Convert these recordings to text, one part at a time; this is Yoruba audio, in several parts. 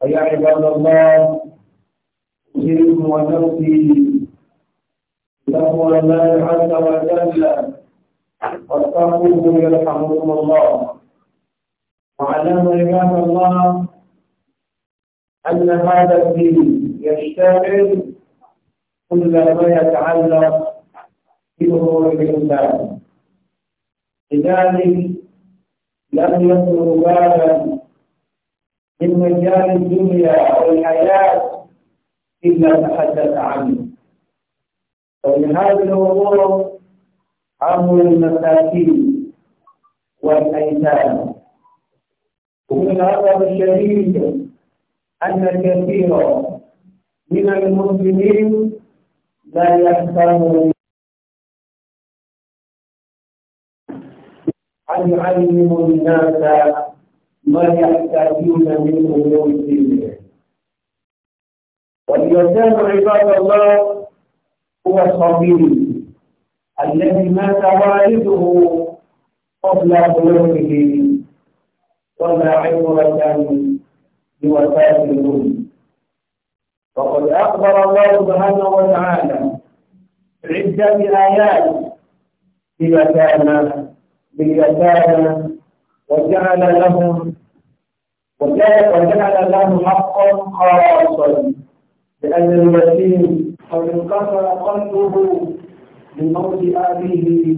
فيا عباد الله أوصيكم ونفسي تقوى الله عز وجل واتقوه يرحمكم الله واعلموا عباد الله أن هذا الدين يشتغل كل ما يتعلق بأمور الإنسان لذلك لم يكن بالا من مجال الدنيا والحياة إلا تحدث عنه ولهذا الأمور أمر المساكين والأيتام ومن الأسف الشديد أن الكثير من المسلمين لا يحترمون أن يعلموا الناس ما يحتاجون منه يوم الدين عباد الله هو الصغير الذي مات والده قبل بلوغه ولا عبرة بوفاة الأم وقد أخبر الله سبحانه وتعالى عدة آيات باليتامى باليتامى وجعل لهم جعل له حقا خاصا لأن اليتيم قد انكسر قلبه لموت أبيه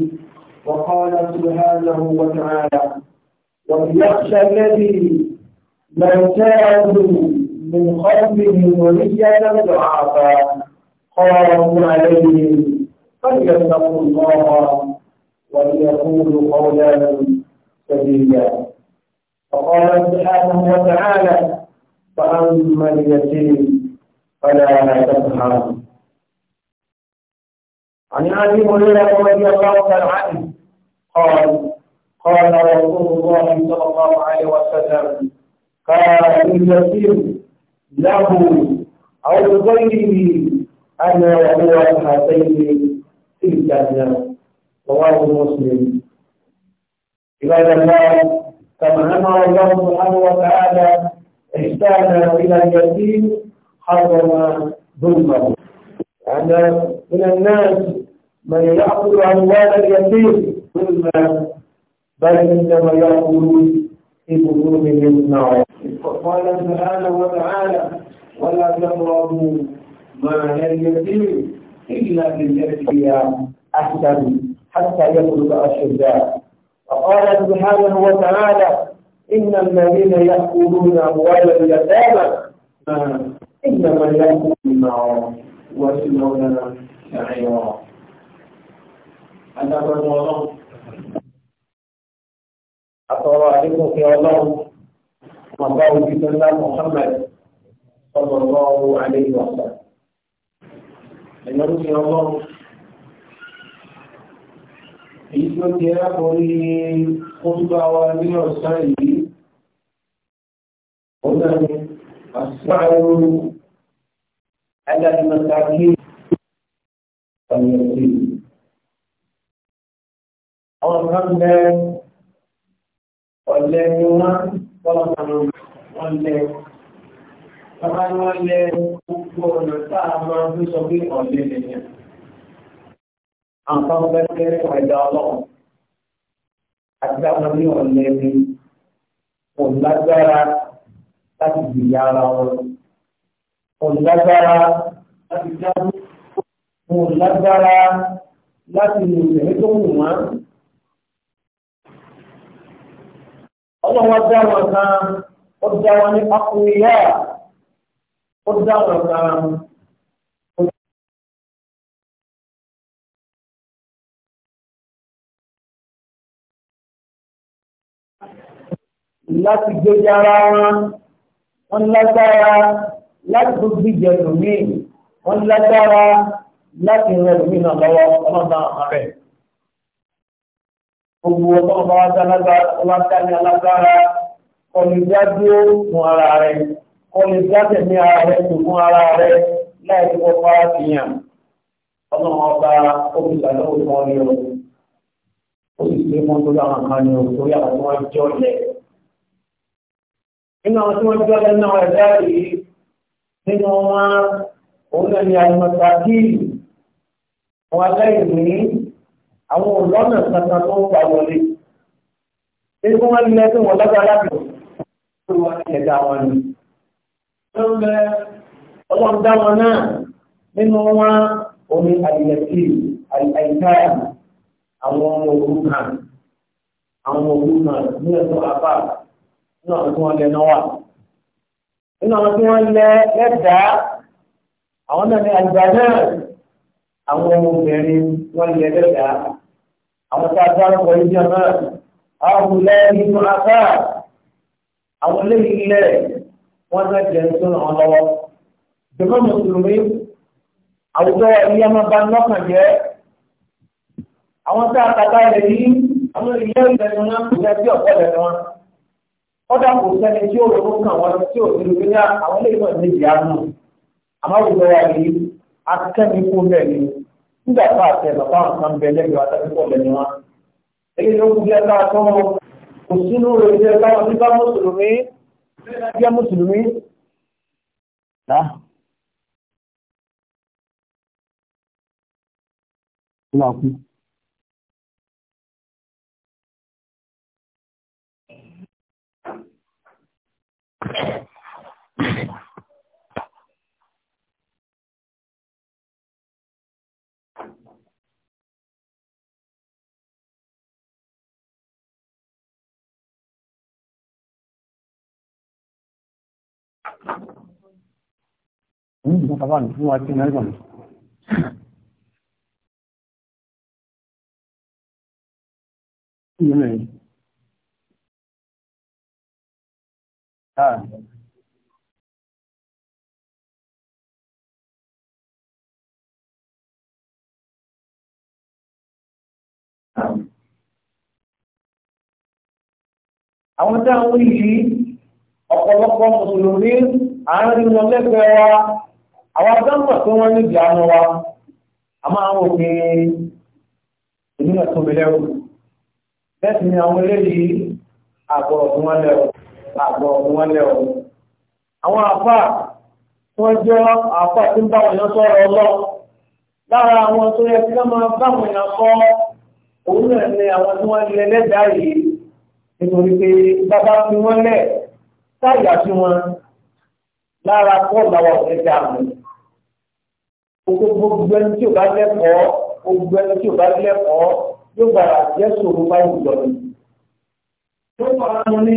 وقال سبحانه وتعالى وليخشى الذي لو كانوا من قلبه وليا ضعفا خافوا عليهم فليتقوا الله وليقولوا قولا سديدا وقال سبحانه وتعالى فأما اليتيم فلا تقهر عن أبي هريرة رضي الله تعالى عنه قال قال رسول الله صلى الله عليه وسلم قال اليتيم له أو لغيره أنا وهو هاتين في الجنة رواه مسلم عباد الله كما أمر الله سبحانه وتعالى إحسانا إلى اليتيم حرم ظلمه يعني من الناس من يأخذ أموال اليتيم ظلما بل إنما يأخذون في ظلمهم النار قال سبحانه وتعالى ولا تقربوا مال اليتيم إلا بالتي هي أحسن حتى يبلغ أشداء فقال سبحانه وتعالى إن الذين يأكلون أموال اليتامى آه، إنما يأكلون النار ويصلون سعيرا هذا هو الله أترى عليكم يا الله مقام جدا محمد صلى الله عليه وسلم أن يا الله èyí tó jẹ́ lápọ̀rí kúrúgbà wa ní ọ̀sán yìí ó náà ni àṣàrò aláìmọ̀tàkì ọ̀yẹ̀sì àwọn kan bẹ ọ̀lẹ́ ni wọ́n pọ́lọ̀pọ̀lọ̀ wọ́n lẹ Bàbá ni gbogbo ọ̀nà táà máa ń sọ pé ọ̀lẹ́ lẹ́yìn àǹfààní bẹ́ẹ̀ ní ẹ̀dá ọlọ́run àti dáwọn ní ọ̀lẹ́ mi kò lágbára láti gbìyà ara wọn kò lágbára láti dáwọn kò lágbára láti lò tẹ̀lé tó wù wọ́n. ọlọ́wọ́ dá wọn kan ó dá wọn ní akúnyà ó dá wọn kan. láti gbéjà ara wọn wọ́n lágbára láti tó gbíjẹ lómi wọ́n lágbára láti rẹ lómi náà lọ́wọ́ ọlọ́dà àárẹ̀. Gbogbo ọlọ́run bá wá dá lágbára ọlọ́dà ní alágbára kọ́ni dájú fún ara rẹ̀ kọ́ni dájú ní ara rẹ̀ tó fún ara rẹ̀ láì tó kọ́ fara fìyàn. Ọlọ́run ọba omi ìgbàlọ́wọ́ fún ọ ní o. Ó sì ṣe mọ́tò láwọn kan ní o torí àwọn tí wọ́n jọ́ ilẹ̀ nínú àwọn tí wọ́n jọ lẹ́nu àwọn ẹ̀dá yìí nínú wọn ni àlùmọ̀tà kíì àwọn aláìní àwọn òlọ́nà kankan tó ń gbà wọlé èyí kó wọ́n lé tí wọ́n lọ́gbà láti tó wọ́n ní ẹ̀dá wọn ni. ọlọ́run dá wọn náà nínú wọn omi àyẹ̀kì àyíkáyà àwọn nínú àwọn tí wọ́n lẹ náà wà nínú àwọn tí wọ́n lẹ lẹ́dàá àwọn náà ní àgbà náà àwọn obìnrin wọ́n lẹ lẹ́dàá àwọn tá a bá ń wọ ibi ọmọ àwọn olè nínú afá àwọn olóyìn lẹ wọ́n náà jẹ tó ràn án lọ́wọ́ jọba mùsùlùmí àwùjọ ilé ọmọ bá lọ́kàn jẹ́ àwọn tá a kàtà rẹ̀ yìí àwọn ilé ìlẹ̀ ni wọ́n ń pè é ọ̀pọ̀ lẹ̀ wọn. kọ́dà kò sẹ́ni tí ó lọ́wọ́ kàn wọ́n tí ò ti lórí àwọn ilé ìwọ̀n ní ìyá náà àmọ́ wa rí akẹ́mi kú bẹ́ẹ̀ ni nígbà tá a tẹ bàbá nǹkan bẹ pọ̀ wa. èyí ló bí kò sínú bí wọn mùsùlùmí bí mùsùlùmí. طبعا Ah. Àwọn tí a ń rí yìí, ọ̀pọ̀lọpọ̀ Mùsùlùmí, àárín wọn lẹ́gbẹ̀ẹ́ wa, àwọn agbáǹgbà wọ́n wa, a máa ń òkè ìdúnà tó Bẹ́ẹ̀ sì ni àwọn eléyìí àbọ̀rọ̀ tí wọ́n lẹ́rù. àgbọ̀ wọn lẹ̀ ọ́. Àwọn àfà wọ́n jẹ́ àfà tí ń bá wọn yàn sọ̀rọ̀ ọlọ́. Lára àwọn tó yẹ kí wọ́n máa bá wọn yàn kọ́ òun náà ni àwọn tí wọ́n lẹ lẹ́dàá yìí nítorí pé bàbá fi wọ́n lẹ̀ táyà sí wọn lára kọ́ làwọn ọ̀rẹ́ dà mí. Gbogbo ẹni tí ò bá lẹ́kọ̀ọ́ gbogbo ẹni tí ò bá lẹ́kọ̀ọ́ yóò gbàrà jẹ́ sòrò báyìí lọ́dún. Ó fara mọ́ ní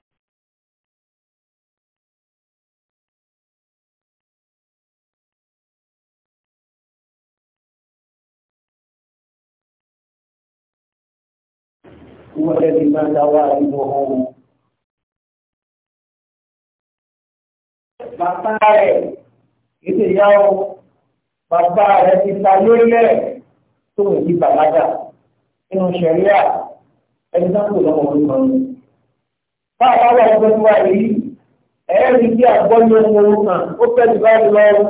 هو الذي مات والده bàbá ìyá ọ bàbá rẹ̀ ti ta lórí ẹ̀ tó ń di bàlágà nínú sẹ̀ríà ẹni sáńkù lọ́mọ ọdún kan ní. báwa wà ní gbogbo wa yìí ẹ̀ẹ́rì bí àgbọ́yé ohun kan ó fẹ́ jù báyìí lọ.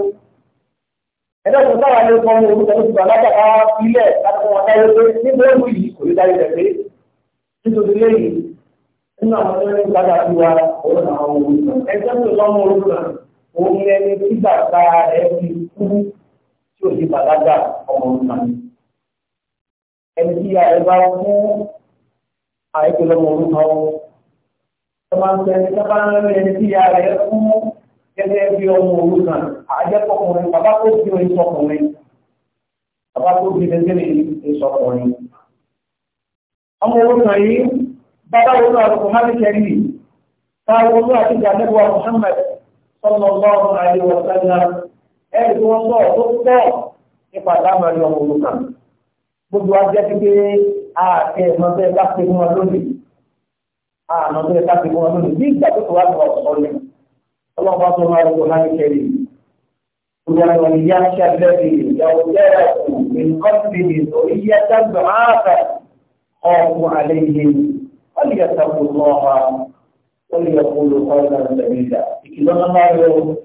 ẹ̀dọ́gbọ̀n táwa lè kọ́ ọmọ orúkọ tó ti bàlágà ká ilẹ̀ láti wọn dáyé pé nígbà ó wù yìí kò lè dáyé rẹ̀ pé nítorí lẹ́yìn nínú àwọn tó ní gbàgbà tí wa òun àwọn olùkọ́ ẹgbẹ́ tó lọ́mọ olùkọ́ òun ní ẹni tí bàbá ẹ fi kú tí ò sí bàdágà ọmọ olùkọ́ ẹni tí a ẹ bá fún àìkú lọ́mọ olùkọ́ ọ máa ń sọ ẹni tó bá ń rẹ ẹni tí a rẹ fún gẹ́gẹ́ bí ọmọ olùkọ́ àjẹpọ̀kùnrin bàbá tó bí orin sọkùnrin bàbá tó bí gẹ́gẹ́ bí sọkùnrin ọmọ orúkọ yìí bàbá orúkọ àrùkọ hàbí kẹrì táwọn orúkọ àti ìjàmẹ́wà Muhammad sọ́nà ọlọ́run ayé wọ̀sánná ẹ̀rì tí wọ́n sọ̀rọ̀ tó pọ̀ nípa dáhùn ẹ̀rọ ọmọ orúkọ gbogbo ajẹ́ pípé ààtẹ ìmọ̀tẹ́ bá ti mú wọn lónìí àmọ̀tẹ́ bá ti mú wọn lónìí bí ìgbà tó wà lọ sọ́lẹ̀ ọlọ́pàá tó máa rúkọ hàbí kẹrì Ìyàwó ìyá ń ṣàlẹ́ خافوا عليهم فليتقوا الله وليقولوا قولا سديدا إذا قالوا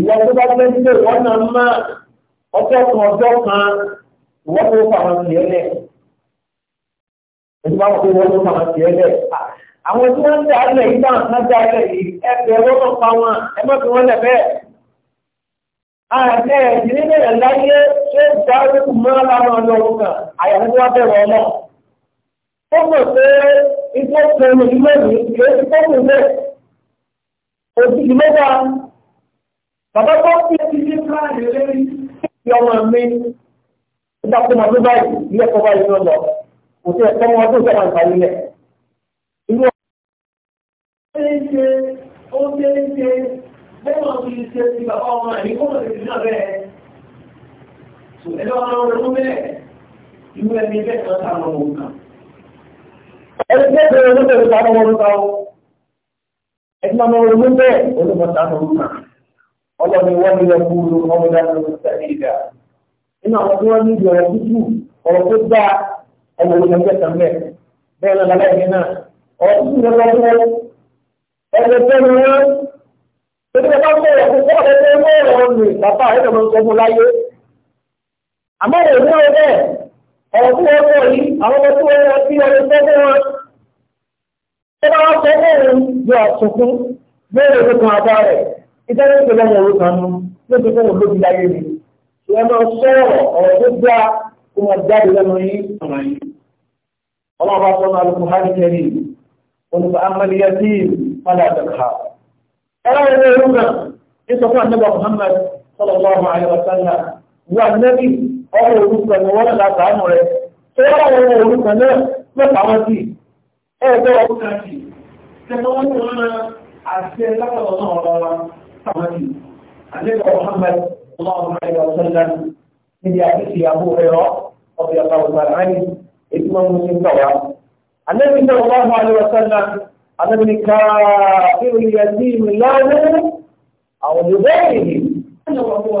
ìwọ tó bá fẹ́ ṣe wọ́n náà má ọjọ́ kan ọjọ́ kan wọ́n tó fàwọn tiẹ̀ lẹ̀ ẹni bá wọ́n tó wọ́n tó fàwọn tiẹ̀ lẹ̀ àwọn tí wọ́n ń dà á yìí náà dà á yìí ẹ pa wọn ẹ má fi àti ẹ̀jì nínú ẹ̀ láyé ṣé ìjà oríkù mọ́ra lára ọ̀nà òun kan àyàfi tí wọ́n bẹ̀rẹ̀ ọmọ. ó mọ̀ pé iṣẹ́ ìṣòro ilé mi kì í tó kù lé òsì ìlọ́gbà bàbá tó fi ti ní káàdì lórí ti ọmọ mi nígbà tó máa tó bẹ́ẹ̀ wọ́n fi ṣe ti bàbá ọmọ ẹ̀mí kó lọ́dẹ̀ sí náà bẹ́ẹ̀. Sò ẹ̀dọ́ ọmọ ọmọ ọdún bẹ́ẹ̀ inú ẹni bẹ́ẹ̀ kan sá ọmọ ọdún kan. Ẹni bẹ́ẹ̀ bẹ̀rẹ̀ ló bẹ̀rẹ̀ sá ọmọ ọdún kan o. Ẹni máa mọ ọdún bẹ́ẹ̀ olùmọ̀ sá ọmọ ọdún kan. Ọlọ́ni wọ́n ní ẹkú lu ọmọ àwọn tí wọ́n ní Tẹ́lẹ̀ bá bẹ̀rẹ̀ fún kọ́ ọ̀rẹ́ tó ń bẹ̀rẹ̀ ọ̀nù bàbá rẹ̀ lọ́mọ nǹkan mú láyé. Àmọ́ rẹ̀ ní ọ̀rẹ́ ọ̀rọ̀ tí wọ́n sọ yìí, àwọn ọmọ tí wọ́n lọ sí ọdún tó fún wọn. Ṣé bá wọ́n sọ fún òun yóò àtúnkún lórí òkú kan àbá rẹ̀? Ìtẹ́lẹ̀ ń pèlè ọ̀rọ̀ kan mú lóbi fún ẹ̀rọ ẹ̀rọ ẹ̀rọ náà ní sọ fún àdébà Muhammad sallallahu alaihi wa sallam wà nẹ́bí ọmọ orúkọ ni wọ́n náà sàánù rẹ̀ tó wọ́n wọ́n wọ́n orúkọ náà mẹ́ta wọ́n sí ẹ̀ẹ́dọ́ ọkùnrin àti tẹ̀tọ́ wọn tó wọn àti ẹ̀lápọ̀lọ́ náà ọ̀rọ̀ sí àdébà Muhammad sallallahu alaihi anábìnrin ká ìròyìn ẹ̀sìn ìlànà àwọn olùdókòwò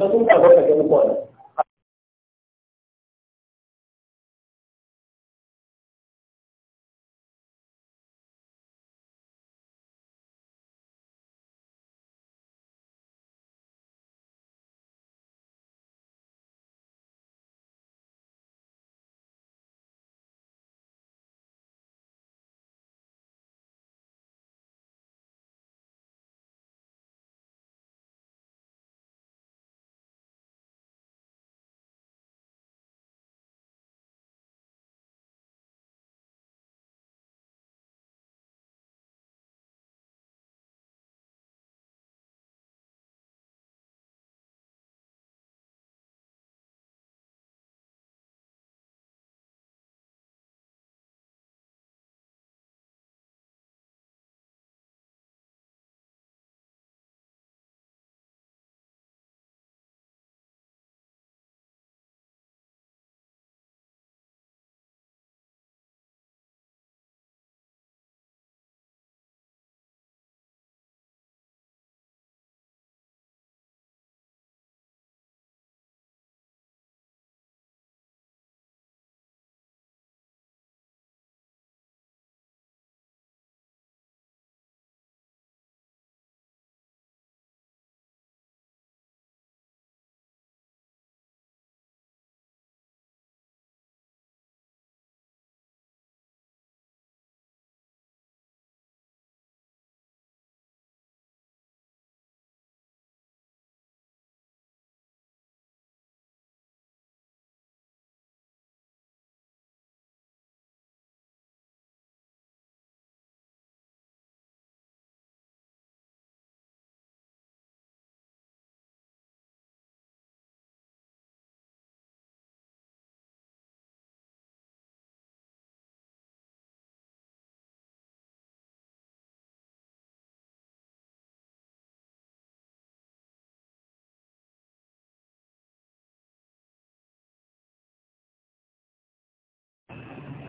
Então, tó ń gbàgbọ́ kẹ̀kẹ́ púpọ̀ náà.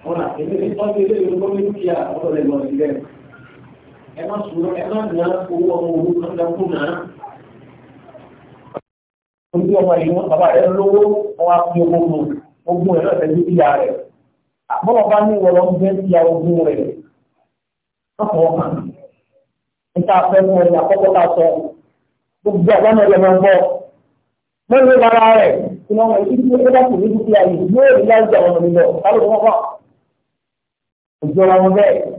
ọ̀nà èdè ní ọdún ilé ìlú tó ní dúkìá ọ̀dọ̀ lè lọ sílẹ̀. ẹ má sùn ẹ má nà owó ọmọ owó kan dákú nà. ojú ọmọ yìí wọn bàbá rẹ lówó ọwọ́ àti ogun ogun rẹ lọ́sẹ̀ dúkìá rẹ̀. àbọ̀wọ̀ bá ní ìwọ̀lọ́ ń bẹ́ ti ogun rẹ̀. ọkọ̀ kan níta fẹ́ mú ẹni àkọ́kọ́ ta sọ gbogbo àgbà náà lè máa ń bọ̀. bára rẹ̀ ìnáwó ìdíjú ẹgbẹ́ kò ní dúkìá yìí yóò rí láì ìjọra wọn bẹ́ẹ̀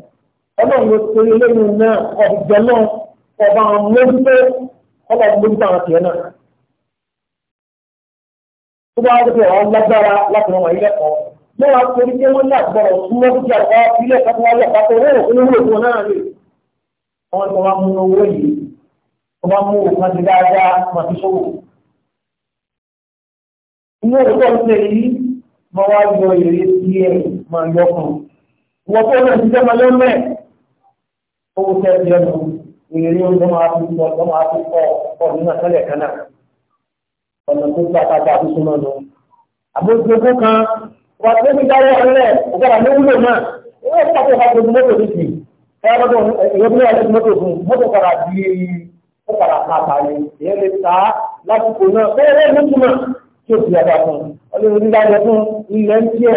ọlọ́run ló torí lẹ́nu náà ọ̀dùjọ náà ọba àwọn mójútó ọlọ́run mójútó àwọn tiẹ̀ náà. tó bá wọ́n tẹ̀lé àwọn lágbára láti wọn wọ̀nyí lẹ́kọ̀ọ́ lọ́wọ́ torí pé wọ́n lágbọ̀rọ̀ súnmọ́ jíjà ọ̀gá ilé ẹ̀ka tó wọ́n lẹ̀ pàtó owó olówó òkú náà rè wọ́n tó wá mú owó yìí tó bá mú òkú àti dáadáa máa fi sówò. inú òkú ọ̀sẹ̀ yìí máa wá yọ èrè tiẹ̀ máa yọ kàn wọ́n kó lọ sí jẹ́mọ lọ́mẹ́ owó tẹ́ ẹ̀jẹ̀ nù ìrírí oúnjẹ máa fi pọ̀ lọ́ máa fi pọ̀ pọ̀ nínú àtẹ́lẹ̀ kan náà ọ̀nà tó gbà tàbí àtúnṣe náà lọ. àbójútó kan wọ́n tó fi dáwọ́ ọ̀rẹ́ ọ̀gbọ́dà ló wúlò náà ìwé ìfẹ́ àti ìfẹ́ àti mọ́tò ní ti ẹ̀rọ ìyẹ́bílẹ̀ àti mọ́tò fún mọ́tò padà di ó padà máa bàyẹ̀ ìyẹn lè ta lásìkò náà bẹ́ẹ̀ lẹ́yìn tó náà tí ó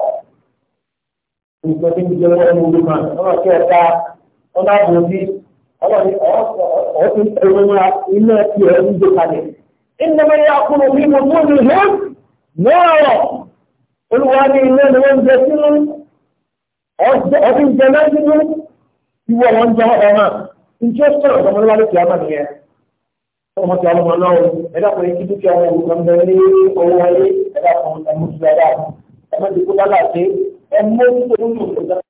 nǹkan tí ń jẹ wọn ní olùmọ ọmọ tí ọta ọmọ àbòsí ọmọ ní ọtún ẹwọnà iná ti ẹ ń gbé kalẹ̀. ìnáwó yà kúrò bí mo mú mi hàn lọ́rọ̀ olùwà ní iná ni wọ́n ń jẹ sínú é muito produto